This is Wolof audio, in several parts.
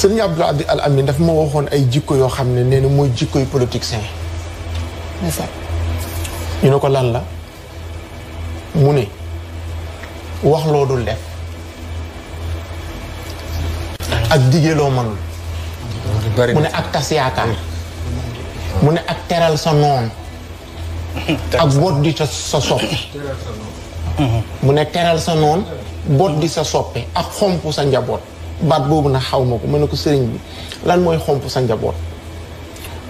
sëriñ Abdou la Al Amin daf ma waxoon ay jikko yoo xam ne nee na mooy jikkoy politicien. ñu ne ko lan la mu ne wax loo dul ak digee loo mënul mu ne ak tas yaakaar mu ne ak teral sa noon ak boot di sa sa mu ne teral sa noon boot di sa soppe ak xomp sa njaboot baat boobu na xaw ma ko mën na ko sëriñ bi lan mooy xomp sa njaboot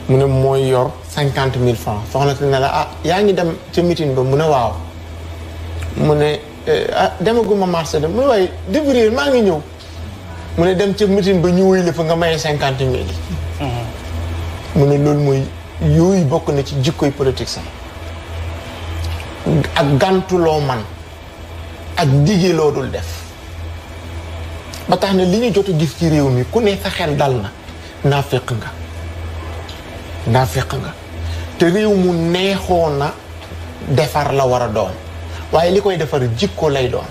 mu ne mooy yor cinquante mille francs soxna si ne la ah yaa ngi dem ca mitin ba mu ne waaw mu ne eh, ah demaguma marché de mu maa ngi ñëw mu ne dem ca meeting ba ñu wuy la nga maye cinquante mille mu ne loolu mooy yooyu bokk na ci jikkoy politique sax ak gàntuloo man ak digee loo dul def ba tax na li ñu jot a gis ci réew mi ku ne sa xel dal na naa fekk nga naa fekk nga te réew mu neexoon na defar la war a doon waaye li koy defar jikko lay doon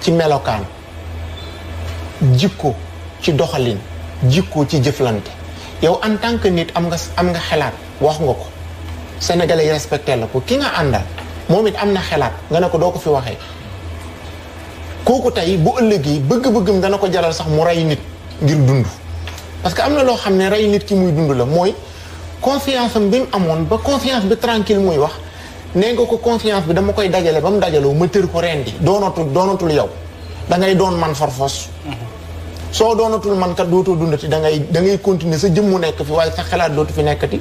ci melokaan jikko ci doxalin jikko ci jëflante yow en tant que nit am nga am nga xelaat wax nga ko sénégalais yi respecté la ko ki nga àndal moom it am na xelaat nga ne ko doo ko fi waxee kooku tey bu ëllëgee bëgg-bëggam dana ko jaral sax mu rey nit ngir dund parce que am na loo xam ne rey nit ki muy dund la mooy confiance am bi mu amoon ba confiance bi tranquille muy wax nee nga ko confiance bi dama koy dajale ba mu dajaloo ma tër ko rendi doonatul doonatul yow da ngay doon man farfos soo doonatul man kat dootoo dundati da ngay da ngay continuer sa jëmmu nekk fi waaye sa xalaat dootu fi nekkati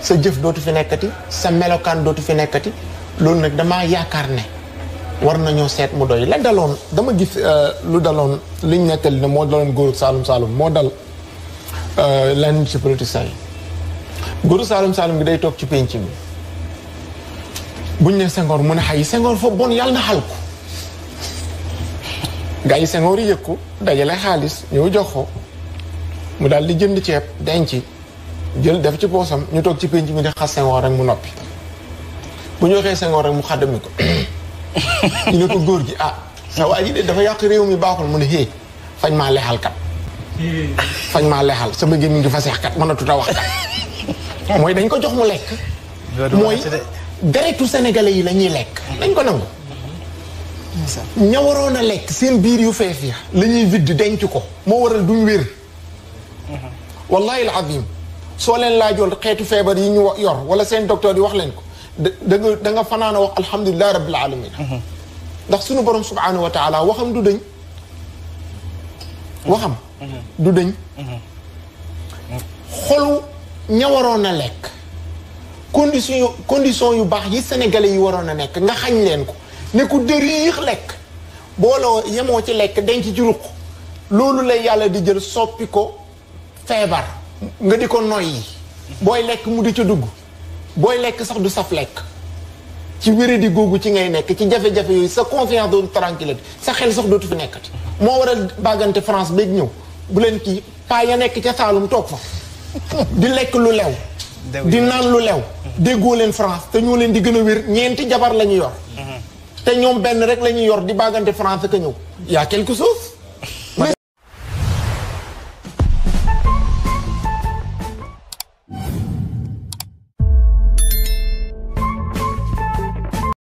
sa jëf dootu fi nekkati sa melokaan dootu fi nekkati loolu nag damaa yaakaar ne war nañoo seet mu doy la daloon dama gis euh, lu daloon liñ nettali ne moo daloon góoru saalum saalum moo dal euh, lan ci politiciens yi góoru saalum saalum gi day toog ci penc mi buñ ne Senghor mu ne xay sengoor foofu bon yàlla na xal ko gars yi Senghor dajale xaalis ñëw jox ko mu daal di jënd ceeb denc jël def ci poosam ñu toog ci penc mi di xas Senghor rek mu noppi bu ñu waxee Senghor rek mu xàddami ko ñu ne góor gi ah sa de dafa yàq réew mi baaxul mu ne hé fañ maa lexal kat fañ maa lexal sama gémmiñ gi fa seex kat mënatut a wax kat mooy dañ ko jox mu lekk mooy deretu sénégalais yi lañuy lekk dañ ko nangu ña a lekk seen biir yu feef ya la ñuy vidd denc ko moo waral duñ wér mhm. wallahi al azim soo leen laajoon xeetu feebar yi ñu yor wala seen docteur yi wax leen ko da nga da nga fanaan a wax alhamdulilahi rabbil alamin mhm. ndax suñu borom subhanahu wa taala waxam du dëñ waxam mhm. du dëñ mhm. xolu ña waroon a lekk condition yu baax yi sénégalais yi waroon a nekk nga xañ leen ko ne ku dëriix lekk booloo yemoo ci lekk denc ci ruq loolu lay yàlla di jël soppi ko feebar nga di ko noyyi booy lekk mu di ca dugg booy lekk sax du saf lekk ci wéradi googu ci ngay nekk ci jafe-jafe yooyu sa confiance dootu tranquillité sa xel sax dootu fi nekkati moo waral bàggante France beeg ñëw bu leen kii paay ya nekk ca Saalum toog fa di lekk lu lew di naan lu lew déggoo leen France te ñoo leen di gën a wér ñeenti jabar la ñu yor mhm. te ñoom benn rek la ñuy yor di bàggante France ka ñëw yaa quelque chose